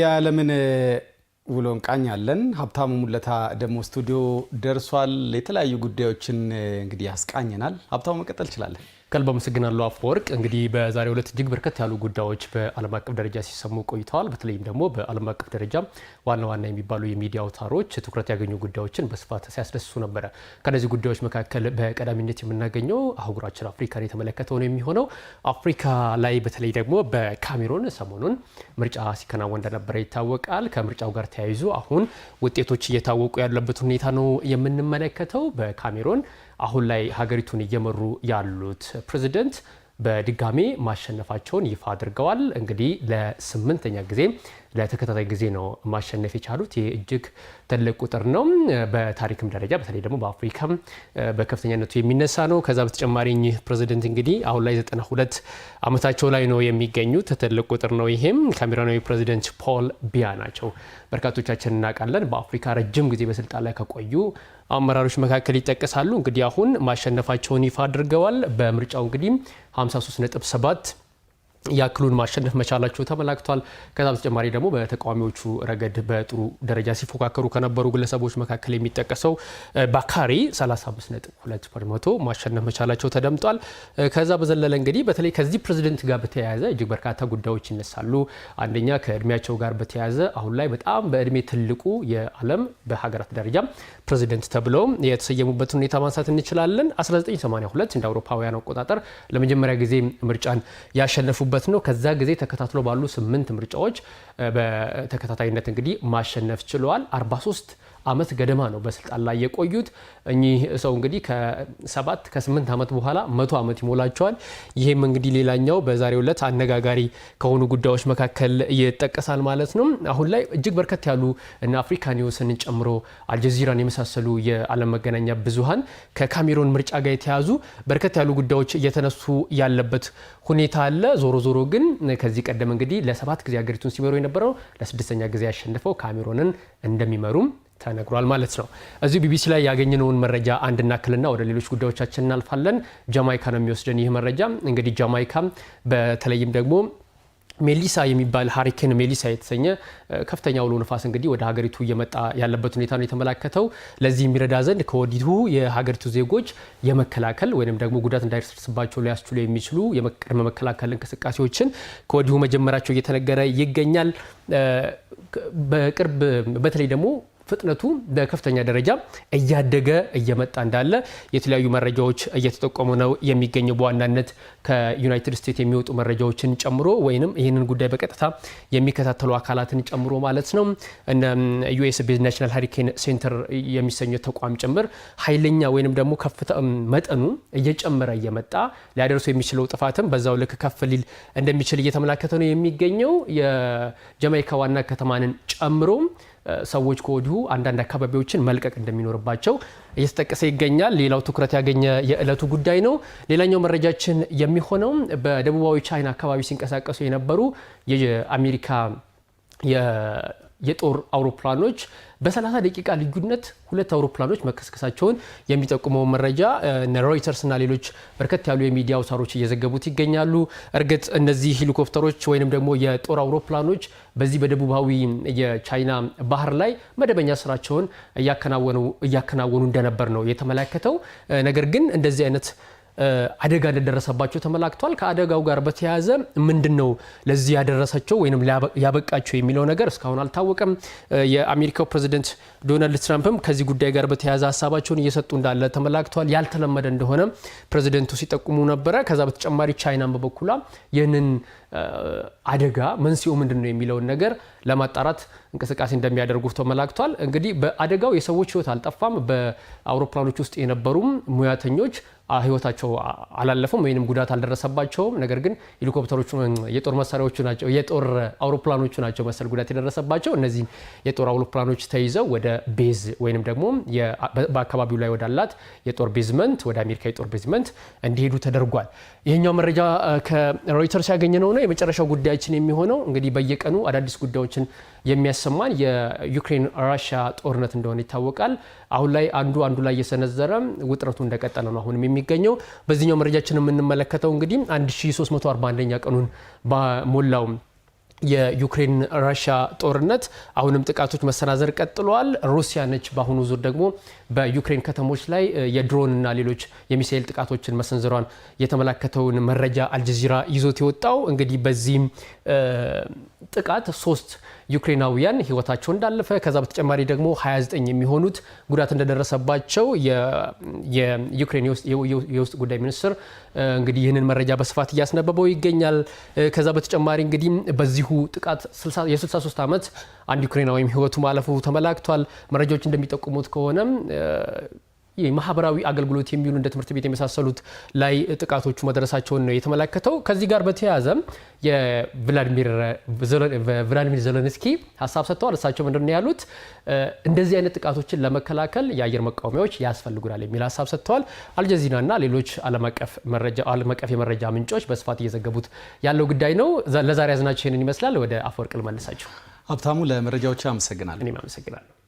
የዓለምን ውሎ እንቃኛለን። ሀብታሙ ሙለታ ደግሞ ስቱዲዮ ደርሷል። የተለያዩ ጉዳዮችን እንግዲህ ያስቃኘናል። ሀብታሙ መቀጠል እንችላለን። ከልብ አመሰግናለሁ አፈወርቅ። እንግዲህ በዛሬው ዕለት እጅግ በርከት ያሉ ጉዳዮች በዓለም አቀፍ ደረጃ ሲሰሙ ቆይተዋል። በተለይም ደግሞ በዓለም አቀፍ ደረጃ ዋና ዋና የሚባሉ የሚዲያ አውታሮች ትኩረት ያገኙ ጉዳዮችን በስፋት ሲያስደስሱ ነበረ። ከነዚህ ጉዳዮች መካከል በቀዳሚነት የምናገኘው አህጉራችን አፍሪካን የተመለከተው ነው የሚሆነው። አፍሪካ ላይ በተለይ ደግሞ በካሜሮን ሰሞኑን ምርጫ ሲከናወን እንደነበረ ይታወቃል። ከምርጫው ጋር ተያይዞ አሁን ውጤቶች እየታወቁ ያለበት ሁኔታ ነው የምንመለከተው። በካሜሮን አሁን ላይ ሀገሪቱን እየመሩ ያሉት ፕሬዚደንት በድጋሜ ማሸነፋቸውን ይፋ አድርገዋል። እንግዲህ ለስምንተኛ ጊዜ ለተከታታይ ጊዜ ነው ማሸነፍ የቻሉት። ይህ እጅግ ትልቅ ቁጥር ነው። በታሪክም ደረጃ በተለይ ደግሞ በአፍሪካም በከፍተኛነቱ የሚነሳ ነው። ከዛ በተጨማሪ እኚህ ፕሬዚደንት እንግዲህ አሁን ላይ 92 ዓመታቸው ላይ ነው የሚገኙት። ትልቅ ቁጥር ነው። ይሄም ካሜሮናዊ ፕሬዚደንት ፖል ቢያ ናቸው። በርካቶቻችን እናውቃለን። በአፍሪካ ረጅም ጊዜ በስልጣን ላይ ከቆዩ አመራሮች መካከል ይጠቀሳሉ። እንግዲህ አሁን ማሸነፋቸውን ይፋ አድርገዋል። በምርጫው እንግዲህ 53.7 ያክሉን ማሸነፍ መቻላቸው ተመላክቷል። ከዛ በተጨማሪ ደግሞ በተቃዋሚዎቹ ረገድ በጥሩ ደረጃ ሲፎካከሩ ከነበሩ ግለሰቦች መካከል የሚጠቀሰው ባካሪ 35.2 በመቶ ማሸነፍ መቻላቸው ተደምጧል። ከዛ በዘለለ እንግዲህ በተለይ ከዚህ ፕሬዚደንት ጋር በተያያዘ እጅግ በርካታ ጉዳዮች ይነሳሉ። አንደኛ ከእድሜያቸው ጋር በተያያዘ አሁን ላይ በጣም በእድሜ ትልቁ የዓለም በሀገራት ደረጃ ፕሬዚደንት ተብለው የተሰየሙበት ሁኔታ ማንሳት እንችላለን። 1982 እንደ አውሮፓውያን አቆጣጠር ለመጀመሪያ ጊዜ ምርጫን ያሸነፉበት የሚያደርጉበት ነው። ከዛ ጊዜ ተከታትሎ ባሉ ስምንት ምርጫዎች በተከታታይነት እንግዲህ ማሸነፍ ችለዋል 43 ዓመት ገደማ ነው በስልጣን ላይ የቆዩት። እኚህ ሰው እንግዲህ ከሰባት ከስምንት ዓመት በኋላ መቶ ዓመት ይሞላቸዋል። ይህም እንግዲህ ሌላኛው በዛሬው ዕለት አነጋጋሪ ከሆኑ ጉዳዮች መካከል ይጠቀሳል ማለት ነው። አሁን ላይ እጅግ በርከት ያሉ እና አፍሪካ ኒውስን ጨምሮ አልጀዚራን የመሳሰሉ የዓለም መገናኛ ብዙሃን ከካሜሮን ምርጫ ጋር የተያዙ በርከት ያሉ ጉዳዮች እየተነሱ ያለበት ሁኔታ አለ። ዞሮ ዞሮ ግን ከዚህ ቀደም እንግዲህ ለሰባት ጊዜ ሀገሪቱን ሲመሩ የነበረው ለስድስተኛ ጊዜ ያሸንፈው ካሜሮንን እንደሚመሩም ተነግሯል ማለት ነው። እዚሁ ቢቢሲ ላይ ያገኘነውን መረጃ አንድ እናክልና ወደ ሌሎች ጉዳዮቻችን እናልፋለን። ጃማይካ ነው የሚወስደን ይህ መረጃ። እንግዲህ ጃማይካ በተለይም ደግሞ ሜሊሳ የሚባል ሀሪኬን ሜሊሳ የተሰኘ ከፍተኛ አውሎ ንፋስ እንግዲህ ወደ ሀገሪቱ እየመጣ ያለበት ሁኔታ ነው የተመላከተው። ለዚህ የሚረዳ ዘንድ ከወዲሁ የሀገሪቱ ዜጎች የመከላከል ወይም ደግሞ ጉዳት እንዳይደርስባቸው ሊያስችሉ የሚችሉ የቅድመ መከላከል እንቅስቃሴዎችን ከወዲሁ መጀመራቸው እየተነገረ ይገኛል። በቅርብ በተለይ ደግሞ ፍጥነቱ በከፍተኛ ደረጃ እያደገ እየመጣ እንዳለ የተለያዩ መረጃዎች እየተጠቆሙ ነው የሚገኘው። በዋናነት ከዩናይትድ ስቴትስ የሚወጡ መረጃዎችን ጨምሮ ወይም ይህንን ጉዳይ በቀጥታ የሚከታተሉ አካላትን ጨምሮ ማለት ነው እነ ዩኤስ ናሽናል ሴንተር የሚሰኘው ተቋም ጭምር ኃይለኛ ወይም ደግሞ ከፍታ መጠኑ እየጨመረ እየመጣ ሊያደርሱ የሚችለው ጥፋትም በዛው ልክ ከፍ ሊል እንደሚችል እየተመላከተ ነው የሚገኘው የጀማይካ ዋና ከተማንን ጨምሮ ሰዎች ከወዲሁ አንዳንድ አካባቢዎችን መልቀቅ እንደሚኖርባቸው እየተጠቀሰ ይገኛል። ሌላው ትኩረት ያገኘ የዕለቱ ጉዳይ ነው። ሌላኛው መረጃችን የሚሆነው በደቡባዊ ቻይና አካባቢ ሲንቀሳቀሱ የነበሩ የአሜሪካ የጦር አውሮፕላኖች በ30 ደቂቃ ልዩነት ሁለት አውሮፕላኖች መከስከሳቸውን የሚጠቁመው መረጃ ሮይተርስ እና ሌሎች በርከት ያሉ የሚዲያ አውታሮች እየዘገቡት ይገኛሉ። እርግጥ እነዚህ ሄሊኮፕተሮች ወይንም ደግሞ የጦር አውሮፕላኖች በዚህ በደቡባዊ የቻይና ባህር ላይ መደበኛ ስራቸውን እያከናወኑ እንደነበር ነው የተመለከተው። ነገር ግን እንደዚህ አይነት አደጋ እንደደረሰባቸው ተመላክቷል። ከአደጋው ጋር በተያያዘ ምንድን ነው ለዚህ ያደረሳቸው ወይም ያበቃቸው የሚለው ነገር እስካሁን አልታወቀም። የአሜሪካው ፕሬዚደንት ዶናልድ ትራምፕም ከዚህ ጉዳይ ጋር በተያያዘ ሀሳባቸውን እየሰጡ እንዳለ ተመላክቷል። ያልተለመደ እንደሆነ ፕሬዚደንቱ ሲጠቁሙ ነበረ። ከዛ በተጨማሪ ቻይናን በበኩሏ ይህንን አደጋ መንስኤው ምንድን ነው የሚለውን ነገር ለማጣራት እንቅስቃሴ እንደሚያደርጉ ተመላክቷል። እንግዲህ በአደጋው የሰዎች ህይወት አልጠፋም። በአውሮፕላኖች ውስጥ የነበሩም ሙያተኞች ህይወታቸው አላለፈም ወይም ጉዳት አልደረሰባቸውም። ነገር ግን ሄሊኮፕተሮቹ የጦር መሳሪያዎቹ ናቸው የጦር አውሮፕላኖቹ ናቸው መሰል ጉዳት የደረሰባቸው። እነዚህ የጦር አውሮፕላኖች ተይዘው ወደ ቤዝ ወይም ደግሞ በአካባቢው ላይ ወዳላት የጦር ቤዝመንት ወደ አሜሪካ የጦር ቤዝመንት እንዲሄዱ ተደርጓል። ይህኛው መረጃ ከሮይተርስ ያገኘ ነውና የመጨረሻው ጉዳያችን የሚሆነው እንግዲህ በየቀኑ አዳዲስ ጉዳዮችን የሚያሰማን የዩክሬን ራሽያ ጦርነት እንደሆነ ይታወቃል። አሁን ላይ አንዱ አንዱ ላይ እየሰነዘረ ውጥረቱ እንደቀጠለ ነው አሁንም የሚገኘው። በዚህኛው መረጃችን የምንመለከተው እንግዲህ 1341ኛ ቀኑን በሞላው የዩክሬን ራሽያ ጦርነት አሁንም ጥቃቶች መሰናዘር ቀጥለዋል። ሩሲያ ነች በአሁኑ ዙር ደግሞ በዩክሬን ከተሞች ላይ የድሮንና ሌሎች የሚሳኤል ጥቃቶችን መሰንዘሯን የተመላከተውን መረጃ አልጀዚራ ይዞት የወጣው እንግዲህ በዚህም ጥቃት ሶስት ዩክሬናውያን ህይወታቸው እንዳለፈ ከዛ በተጨማሪ ደግሞ 29 የሚሆኑት ጉዳት እንደደረሰባቸው የዩክሬን የውስጥ ጉዳይ ሚኒስትር እንግዲህ ይህንን መረጃ በስፋት እያስነበበው ይገኛል። ከዛ በተጨማሪ እንግዲህ በዚሁ ጥቃት የ63 ዓመት አንድ ዩክሬናዊም ህይወቱ ማለፉ ተመላክቷል። መረጃዎች እንደሚጠቁሙት ከሆነም የማህበራዊ አገልግሎት የሚውሉ እንደ ትምህርት ቤት የመሳሰሉት ላይ ጥቃቶቹ መድረሳቸውን ነው የተመለከተው። ከዚህ ጋር በተያያዘ የቭላዲሚር ዘለንስኪ ሀሳብ ሰጥተዋል። እሳቸው ምንድን ነው ያሉት? እንደዚህ አይነት ጥቃቶችን ለመከላከል የአየር መቃወሚያዎች ያስፈልጉናል የሚል ሀሳብ ሰጥተዋል። አልጀዚራና ሌሎች ዓለም አቀፍ የመረጃ ምንጮች በስፋት እየዘገቡት ያለው ጉዳይ ነው። ለዛሬ ያዝናቸው ይህንን ይመስላል። ወደ አፈወርቅ ልመልሳቸው። ሀብታሙ፣ ለመረጃዎች አመሰግናለሁ። እኔም አመሰግናለሁ።